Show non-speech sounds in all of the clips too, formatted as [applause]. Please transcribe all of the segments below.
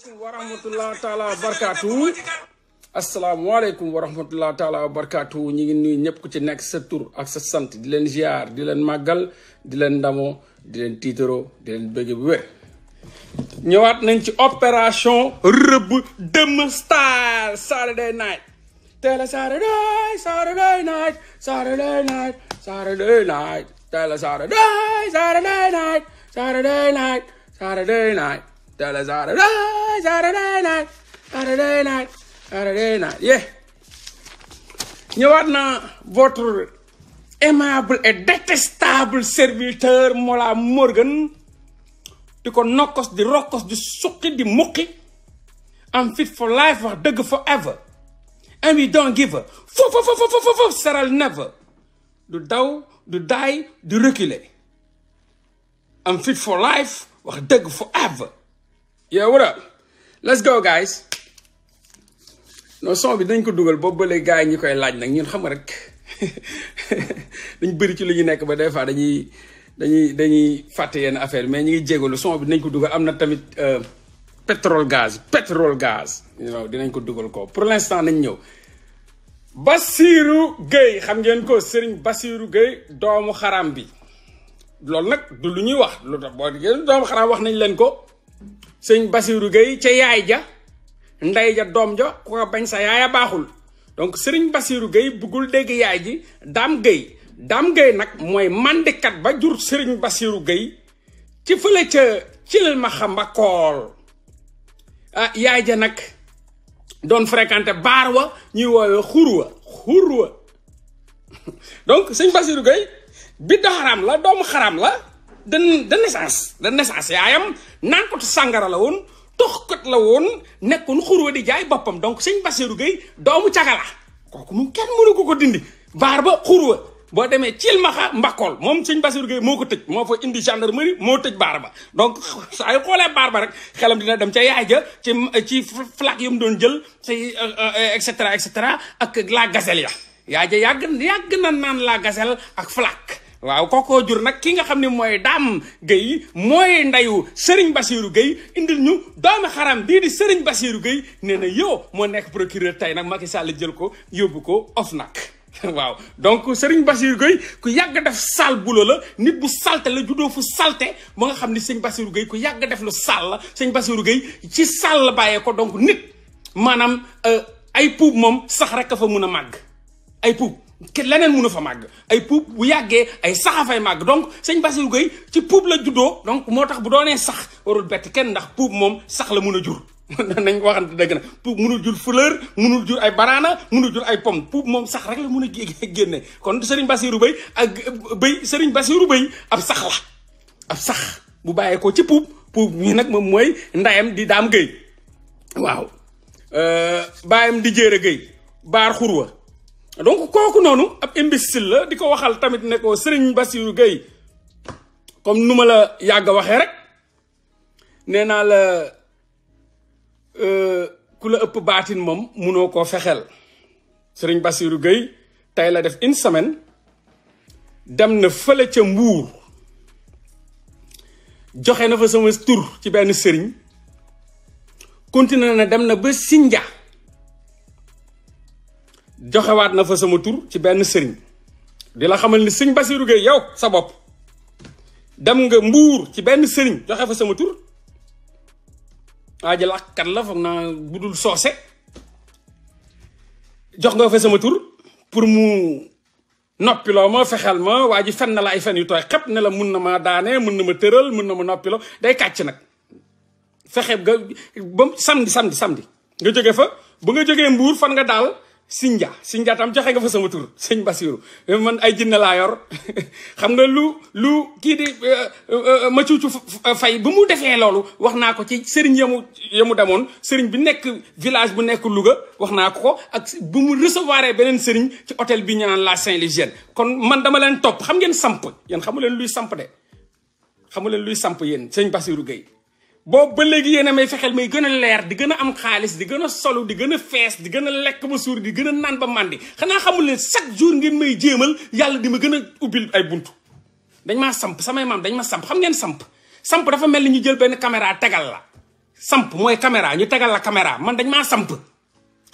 alaikum warahmatullahi taala wabarakatuh barakaatu asalaamaaleykum taala wa barakaatu ngi nuyu ñep ku ci nek sa tur ak sa sante di len ziar di len magal di len ndamoo di len titero di len bëgg bu wer ñewat nañ ci opération reub dem star saturday night teel saturday saturday night saturday night saturday night teel saturday saturday night saturday night saturday night Dallas Saturday night, Saturday night, Saturday night, Saturday night. Yeah. ñëwaat na votre aimable et détestable serviteur Mollah Morgun di ko nokkos di rokkos di suqi di muqi am fit for life wax dëgg forever and we don't give a foof foof foof foof saral never du daw du daay du reculer am fit for life wax dëgg forever Yeah, what up? Let's go guys. non son bi dañ ko dugal boobu ba léegi gars yi ñu koy laaj nag ñun xam nga rek [laughs] dañ bëri ci lu ñu nekk ba des fois dañuy dañuy dañuy fàtte yenn affaire mais ñu ngi jégalu son bi dinañ ko dugal am na tamit euh, pétrole gaz pétrole gaz non dinañ ko dugal koo pour l'instant nañ ñëw Bassirou Gueye xam ngeen ko Serigne Bassirou Gueye doomu xaraam bi loolu nag du lu ñuy wax lu tax boo doomu xaraam wax nañ leen ko sëñ Basirou Gueye ca yaay ja ndey ja doom ja ku ko bañ sa yaaya baaxul donc sëriñ Basirou Gueye buggul dégg yaay ji dam Gueye dam Gueye nag mooy mandikat ba jur sëriñ Basirou Gueye ci fële ca cilil ma xamba kool ah yaay ja nag doon fréquenté baar wa ñuy woowee xurwa xurwa [laughs] donc sëñ Basirou Gueye bi xaram la doomu xaram la de de naissance de naissance yaayam naankotu sangara la woon toxkat la won nekkun xurwa di jay bopam donc seigne Bassirou gay doomu tiagala kokku moom ken munu ko ko dindi barba ba xurwa boo demee cilmaxa mbakol mom seigne Bassirou gay moko tejj mo fa indi gendarmerie mo tejj baar ba donc saa xolé xoolee ba rek xelam dina dem ci yaay ja ci ci flak yum don doon ci euh, et cetera et cetera ak la gazelle ya yaay ja yag yàgg nan naan la gazelle ak flak waaw kookoo jur nag ki nga xam ne mooy Dame Gueye mooy ndeyu Serigne Bassirou Gueye indil ñu doomi xaram bii di Serigne Bassirou Gueye nee na yow moo nekk procureur tey nag Macky Sall jël ko yóbbu ko nag [laughs] waaw donc Serigne Bassirou Gueye ku yàgg def sal bulo la nit bu salte la juddoo fu salte ba nga xam ni sëñ Bassirou Gueye ku yàgg def lu sal la sëñ Bassirou Gueye ci sal la bàyyee ko donc nit maanaam euh, ay puub moom sax rek a fa mun a màgg ay puub leneen mënu fa màgg ay puub bu yàggee ay saxafay màgg donc sëñ Bassirou Gueye ci puub la juddoo donc moo tax bu doonee sax warul bett kenn ndax puub moom sax la mun a jur [laughs] nañ waxante dëgg na puub munul jur fleur munul jur ay banaana munul jur ay pomme puub moom sax rek la mun a génne kon sëriñ Bassirou Gueye ak béy sëriñ Bassirou Gueye ab sax la ab sax bu bàyyee ko ci puub puub ñi nag moom mooy ndayam di daam Gueye waaw euh, baayam di jéer a Gueye baar xurwa donc kooku noonu ab imbécile la di ko waxal tamit ne ko Serigne Bassirou Gueye comme nu ma la yàgg a waxee rek nee naa la euh, ku la ëpp baatin moom munoo koo fexeel Serigne bassiru Gueye tey la def une semaine dem na fële ca Mbuur joxe na fa sama tur ci benn sëriñ continué na dem na ba Sinja wat na fa sama tour ci ben serigne di xamal ni serigne basirou gay yow sa bop dem nga mbour ci ben serigne joxe fa sama tour jël la fa na budul sosé jox nga fa sama tour pour mu noppiloo ma fexeel ma waa ji na la ay fenn yu toy xep ne la mën na ma daane mën na ma teural mën na ma lo day katch nak fexeb ba samedi samedi samedi nga joge fa bu nga joge mbour fan nga dal Sinja Sinja tam joxe nga fa sama sëñ Basiru man ay jinne laa yor [laughs] xam nga lu lu kii di euh, euh, euh, ma cuucu fay bu mu defee loolu wax naa ko ci sëriñ yamu mu demoon sëriñ bi nekk village bu nekk Louga wax naa ko ko ak bu mu recevoir beneen sëriñ ci hôtel bi ñu naan la Saint-Légienne kon man dama leen topp xam ngeen samp yéen xamu leen luy samp de xamu leen luy samp yéen sëñ Basiru Gueye boo ba léegi yéen a may fexeel may gën a leer di gën a am xaalis di gën a solu di gën a fees di gën a lekk ba suur di gën a naan ba màndi xanaa xamul leen chaque jour ngeen may jéemal yàlla di ma gën a ubbil ay buntu dañ maa samp samay maam dañ ma samp xam ngeen samp samp dafa mel ni ñu jël benn caméra tegal la samp mooy caméra ñu tegal la caméra man dañ maa samp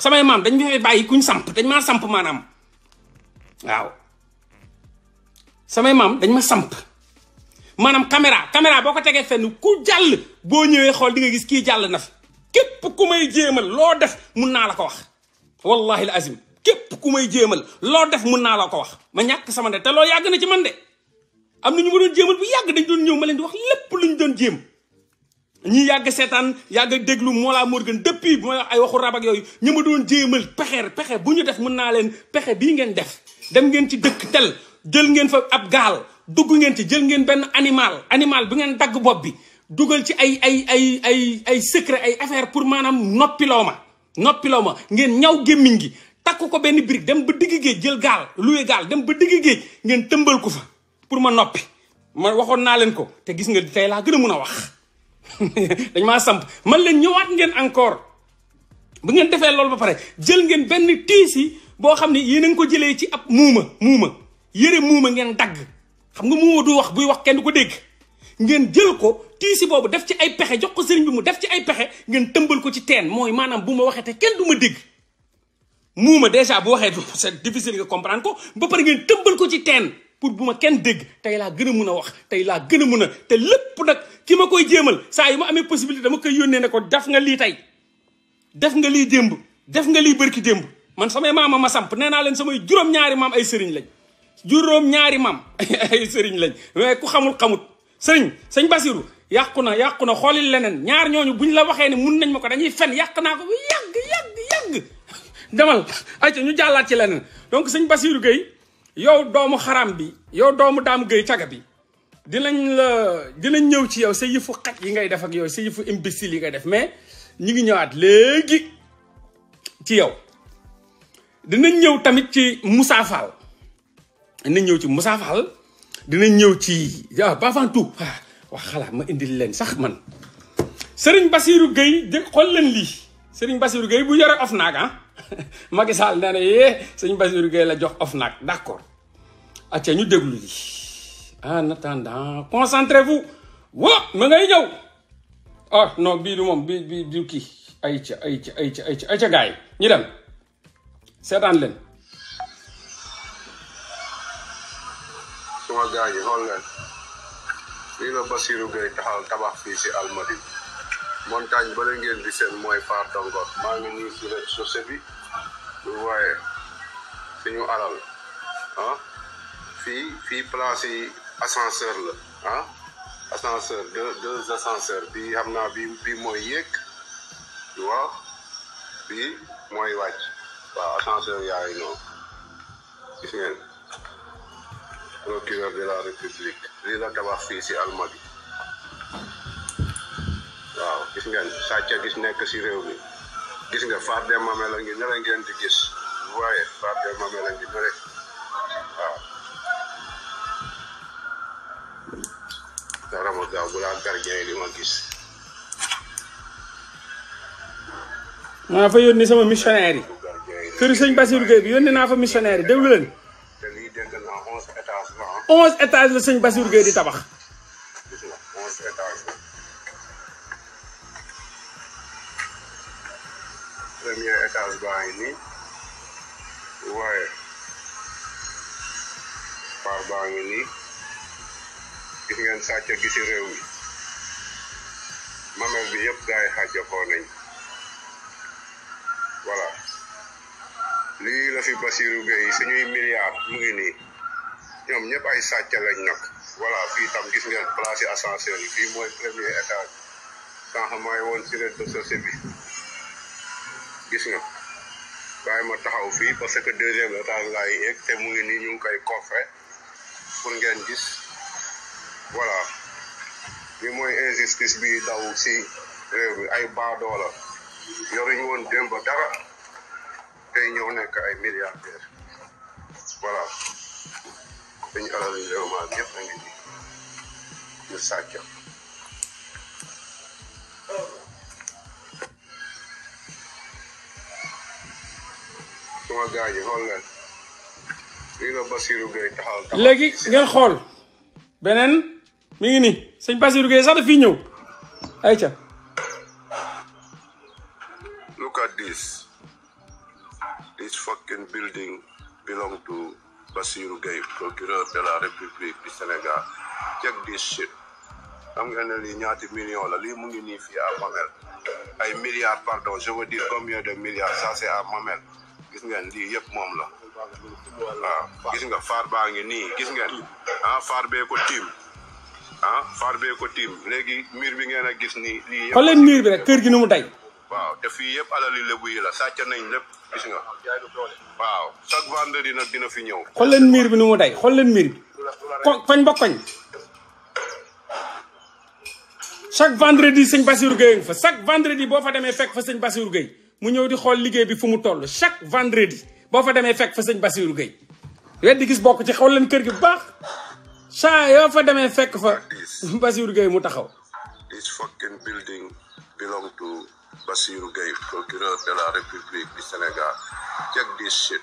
samay maam dañ ma bàyyi kuñ samp dañ maa samp maanaam waaw samay maam dañ ma samp maanaam caméra caméra boo ko tegee fenn ku jàll boo ñëwee xool di gis kii jàll na fi képp ku may jéemal loo def mun naa la ko wax wallahi al azim képp ku may jéemal loo def mun naa la ko wax ma ñàkk sama de te loo yàgg na ci man de am na ñu ma doon jéemal bu yàgg dañ doon ñëw ma leen di wax lépp lu ñu doon jéem ñi yàgg seetaan yàgg déglu laa Morgun depuis bu may wax ay waxu rab yooyu ñu ma doon jéemal pexe pexe bu ñu def mun naa leen pexe bii ngeen def dem ngeen ci dëkk jël ngeen fa ab gaal dugg ngeen ci jël ngeen benn animal animal bu ngeen dagg bopp bi dugal ci ay ay ay ay ay secret ay affaire pour maanaam noppiloo ma noppiloo ma ngeen ñaw gémmiñ gi takk ko benn brique dem ba digg géej jël gaal luwe gaal dem ba digg géej ngeen tëmbal ko fa pour ma noppi ma waxoon naa leen ko te gis nga tey laa gën a mun a wax [laughs] dañ maa samp man leen ñëwaat ngeen encore bu ngeen defee loolu ba pare jël ngeen benn tiis boo xam ne yéen a ko jëlee ci ab muuma muuma yëre muuma ngeen dagg xam nga Momadou wax buy wax kenn ko dégg ngeen jël ko tiisi boobu def ci ay pexe jox ko sëriñ bi mu def ci ay pexe ngeen tëmbal ko ci teen mooy maanaam bu ma waxee te kenn du ma dégg muuma dèjà bu waxee c'est difficile nga comprendre ko ba pare ngeen tëmbal ko ci teen pour bu ma kenn dégg tey laa gën a mun a wax tey laa gën a mun a te lépp nag ki ma koy jéemal saa yu ma amee possibilité dama koy yónnee ne ko def nga lii tey def nga lii démb def nga lii barki démb man samay maama ma samp nee naa leen samay juróom-ñaari maam ay sëriñ lañ juróom ñaari maam [laughs] ay sëriñ lañ mais ku xamul xamut sëriñ sëñ Basiru yàqu na yàqu na xoolil leneen ñaar ñooñu bu ñu la waxee ne mun nañ ma ko dañuy fen yàq naa ko bu yàgg yàgg yàgg [laughs] demal ayca ñu jàllaat ci leneen donc sëñ Basiru Gueye yow doomu xaram bi yow doomu daam Gueye caga bi dinañ la dinañ ñëw ci yow sa yëfu xaj yi ngay def ak yow sa yëfu imbécile yi ngay def mais ñu ngi ñëwaat léegi ci yow dinañ ñëw tamit ci Moussa Fall dinañ ñëw ci Moussa Fall ñëw ci waaw avant tout wax xalaat ma indil leen sax man sëriñ Bassirou Gueye dégg xool leen lii Serigne Bassirou Gueye bu yore OFNAC ah [laughs] Macky Sall nee na yee eh, Serigne la jox OFNAC d'accord acca ñu déglu lii en attendant concentrez-vous wa ma ngay ñëw ah non bii ay ca ay ca ay ca ñu dem seetaan leen suma gaañ yi xool leen lii la Basirou Gueye tabax fii si Almadi montagne ba la ngeen bi seen mooy Paar Dongoor maa ngi nii si sose bi bu waaye suñu alal ah, fii fii place yi ascenseur la ah ascenseur deux deux ascenseurs xam naa bi bii mooy yéeg waaw bii mooy wàcc waaw ascenseur yaa ngi noonu procureur de la république lii la tabax fii si almadi waaw gis ngeen sàcca gis nekk si réew mi gis nga faar de mame la ngi nere ngeen di gis waaye faar de mame la ngi nere waaw dara ma gaaw bu laa gardien yi ma gis maa fa yónni sama missionnaire yi kër sëñ Basirou Gueye bi yónni naa fa missionnaire yi déglu leen 11 étages la sëñ Bassirou Gueye di tabax premier étage baa ngi nii par baa ngi gis ngeen mi mamel bi nañ lii la fi Bassirou Gueye suñuy milliards mu ngi nii ñoom ñëpp ay sàcc lañ nag voilà fii tam gis ngeen place yi ascenseur yi fii mooy premier étage sànq maay woon ci rez-de-chaussée bi gis nga bàyyi ma taxaw fii parce que deuxième étage laay yéeg te mu ngi nii ñu ngi koy coffre pour ngeen gis voilà li mooy injustice bi daw si réew bi ay baadoola yoruñu woon démb dara tey ñëw nekk ay milliardaires voilà dañu alal réew ma ñëpp a ngi nii ñu la Basirou Gueye taxaw léegi beneen mi ngi nii sëñ Basirou Gueye sax daf ñëw Bassirou Gueye procureur de la République du Sénégal check this shit xam ngeen ne ñaati millions la lii mu ngi nii fii à Mamel ay milliards pardon je veux dire combien de milliards ça c'est Mamel gis ngeen lii yëpp moom la waaw ah, gis nga faar baa ngi nii gis ngeen ah faar bee ko tiim faar ah, bee ko tiim léegi mur bi ngeen a gis ni lii yëpp xool leen mur lébu yi la sàcc nañ lépp gis nga waaw chaque vendredi nag dina fi ñëw. xool leen miir bi nu mu day xool leen miir bi koñ ba koñ chaque vendredi sëñ Bassirou Gueye fa chaque vendredi boo fa demee fekk fa sëñ Bassirou Gueye mu ñëw di xool bi fu mu toll chaque vendredi boo fa demee fekk fa sëñ Bassirou Gueye weddi gis bokk ci xool leen kër gi bu baax saa yoo fa demee fekk fa Bassirou Gueye mu taxaw. basiru Gueye procureur de la république du Sénégal check this shit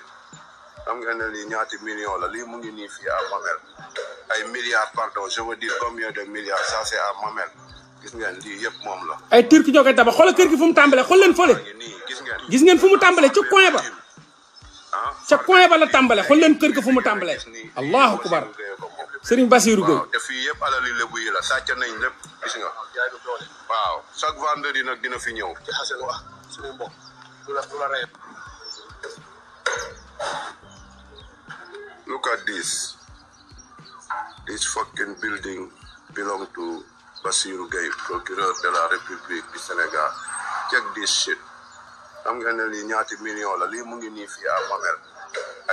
xam nga ne lii ñaati millions la lii mu ngi nii fii à Mamel ay milliards pardon je veux dire combien de milliards ça c'est à Mamel gis ngeen lii yëpp moom la. ay turki ñoo koy tabax xoolal kër gi fu mu tàmbalee xool leen fële. gis ngeen fu mu tàmbalee ci coin ba. Ah, ca coin ba la tàmbalee xool leen kër gi fu mu tàmbalee. allahu akbar. Serigne Bassirou Gueye waaw te fii yëpp alali le buy la sàcc nañ lepp gis nga waaw chaque vendredi nak dina fi ñew ci xasel wax suñu mbokk dula dula du look at this this fucking building belong to Bassirou Gueye procureur de la République du Sénégal check this shit xam nga ne li ñaati million la li mu ngi nii fii à Mamel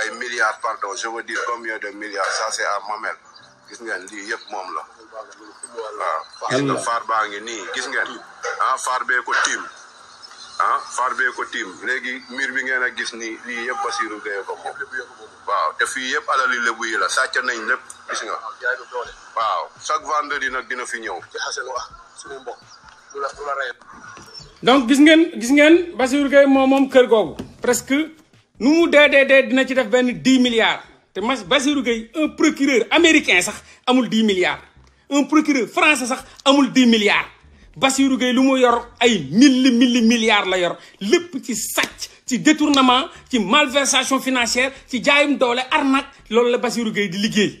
ay milliards pardon je veux dire combien de milliards ça c'est à Mamel gis ngeen lii yëpp moom la waaw gis nga far baa ngi nii gis ngeen ah far bee ko tiim ah far bee ko tiim léegi miir bi ngeen a gis ni lii yëpp Basiru Gaye ko moom waaw te fii yëpp alali lébu yi la sàcc nañ lépp gis nga waaw chaque vendredi nag dina fi ñëw donc gis ngeen gis ngeen Basiru Gaye moom moom kër googu presque nu mu dee dee dee dina ci def benn 10 milliards mass un procureur américain sax 10 milliards un procureur français sax 10 milliards Bassirou Gueye a yor ay milliards la yor sac ci petit détournement ci malversation financière ci jaayum arnaque loolu la Bassirou Gueye di liggéey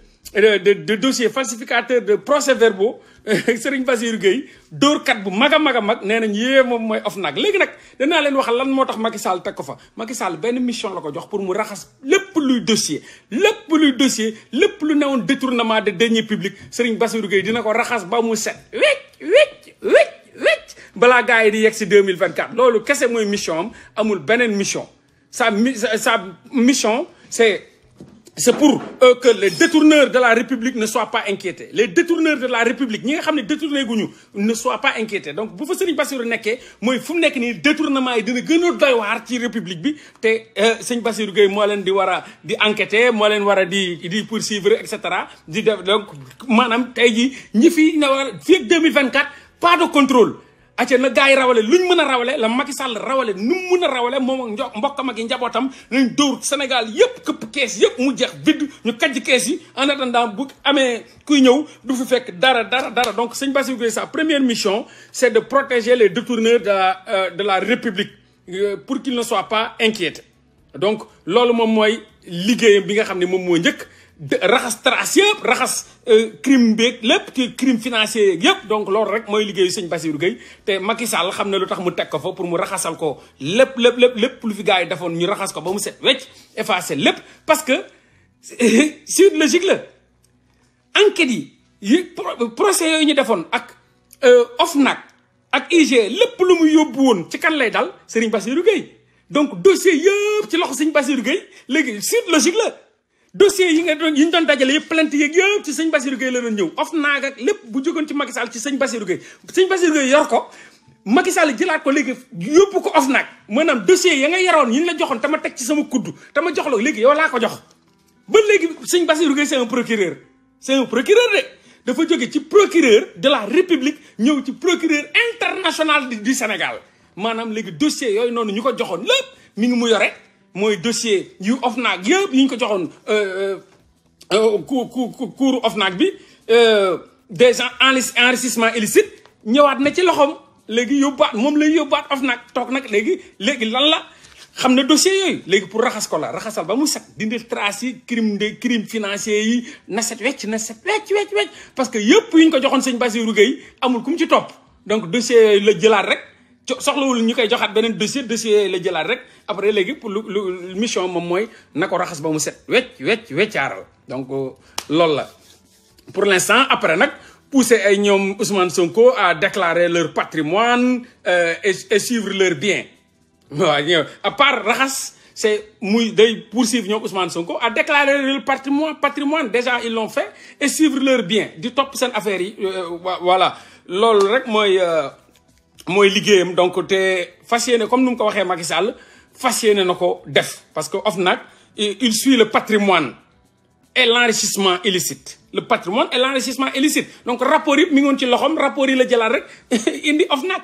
de de dossier falsificateur de procès verbaux [laughs] Serigne Bassirou Gueye kat bu maga maga mag a mag mom moy yée moom mooy OFNAC léegi len danaa wax lan motax Macky Sall teg ko fa Macky Sall ben mission la ko jox pour mu raxas lepp luy dossier lepp luy dossier lepp lu newoon détournement de denier public Serigne Bassirou Gueye dina ko raxas ba mu set wecc wecc wecc wecc balaa gars yi di yexi 2024 loolu kese moy mission am amul benen mission sa sa mission c'est c'est pour euh, que les détourneurs de la République ne soient pas inquiétés. Les détourneurs de la République, ne ne soient pas inquiétés. Donc bu fa Bassirou il fu République bi euh, Bassirou poursuivre etc. donc madame 2024 pas de contrôle acca na gaay yi rawale luñ mëna rawale la Macky Sall rawale nu mëna mën a rawale moom ak mbokkam ak yi luñ door Sénégal yépp kep caisse yépp mu jeex vide ñu kajj caisse yi en attendant bu amé kuy ñëw du fi fekk dara dara dara donc Seigne Bassirou Gueye sa première mission c'est de protéger les détourneurs de la euh, de la République euh, pour qu'ils ne soient pas inquiets. donc loolu mom moy liggéeyam bi nga xamné mom mo ñëk raxas trace yëpp raxas euh, crime bek lépp te crime financier yeeg yëpp donc loolu rek moy liggéeyu seigne Bassirou gay te Macky Sall xamna lutax mu tek ko fo pour mu raxasal ko lep lep lep lep lu fi gars defone ñu raxas ko ba mu set wetch effacer lépp parce que suite [laughs] logique la enquête yi procès yooyu ñu defone ak euh, ofnak ak IG lepp lu mu yobbu won ci kan lay dal Serigne Bassirou gay donc dossier yeup ci loxo sëñ Bassirou gay legui suite logique la dossier yi nga doon yiñ doon dajale yépp plainte yi ak yépp ci Seigne Bassirou Gueye la doon ñëw of naag ak lépp bu jógoon ci Macky Sall ci Seigne Bassirou Gueye Seigne Bassirou Gueye yor ko Macky Sall jëlaat ko léegi yóbbu ko of naag maanaam dossier ya nga yaroon yiñ la joxoon tama teg ci sama kudd tama jox la léegi yow laa ko jox ba léegi Seigne Bassirou Gueye c'est un procureur c'est un procureur de dafa jóge ci procureur de la république ñëw ci procureur international du Sénégal maanaam léegi dossier yooyu noonu ñu ko joxoon lépp mi ngi mu yore moy dossier yu OFNAC yëpp yi ñu ko joxoon cour cour cour OFNAC bi euh, des enrichissement illicite ñëwaat na ci loxoom léegi yóbbuwaat moom lay yóbbuwaat ofnak tok nag léegi léegi lan la xam dossier yoy léegi pour raxas ko la raxasal ba mu set dindi trace yi crime de crime financier yi na set wetch na set wetch wetch parce que yëpp yu ñu ko joxone seigne Bassirou Gueye amul kum ci top donc dossier le la jëlaat rek soxlawul ñu koy joxaat dossier dossier la jëlaat rek après légui pour la mission mom moy nako raxas ba mu set wecc wecc weccaaral donc euh, lool la pour l'instant après nak pousser ay ñom Ousmane Sonko à déclarer leur patrimoine euh, et suivre leur bien waaw ñëw à part raxas c'est muy day poursuivre ñom Ousmane Sonko à déclarer leur patrimoine patrimoine déjà ils l'ont fait et suivre leur bien du top sen affaire yi euh, voilà lool rek mooy euh, moy liggéeyam donc té fassiyéné comme nous ko waxé Macky Sall fassiyéné nako def parce que OFNAC il suit le patrimoine et l'enrichissement illicite le patrimoine et l'enrichissement illicite donc rapport mi ngoon ci loxom rapport yi la jëlaat rek [laughs] indi OFNAC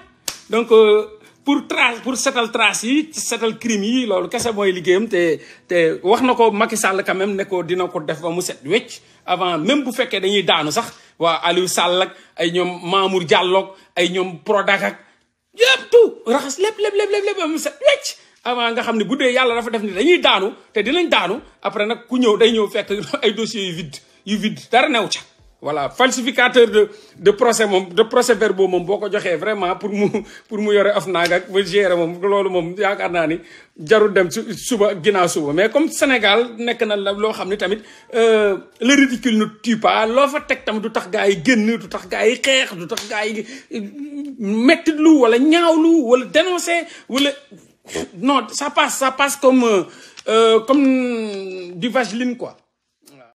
donc euh, pour trace pour setal trace yi setal crime yi loolu kese mooy liggéeyam té té waxnako Macky Sall quand même ne ko dina ko def ba mu set wecc avant même bu féké dañuy daanu sax wa Aliou Sall ak ay Mamour Diallo ay ñom Prodak ak yëpp tout raxas lépp lépp lépp lépp ba mu set avant nga xam ne bu yàlla dafa def ni dañuy daanu te dinañ daanu après nag ku ñëw day ñëw fekk ay dossiers yu vide yu vide dara new ca voilà falsificateur de de procès mon, de procès verbaux mon, boko joxé vraiment pour mu pour mu yoré ak gérer lolu dem suba suba mais comme Sénégal nek na lo xamni tamit euh le ridicule ne tue pas lo fa tek tam du tax gaay yi du tax gaay yi du tax gaay yi euh, lu wala ñaawlu wala dénoncer wala non ça passe ça passe comme euh, euh, comme du vaseline quoi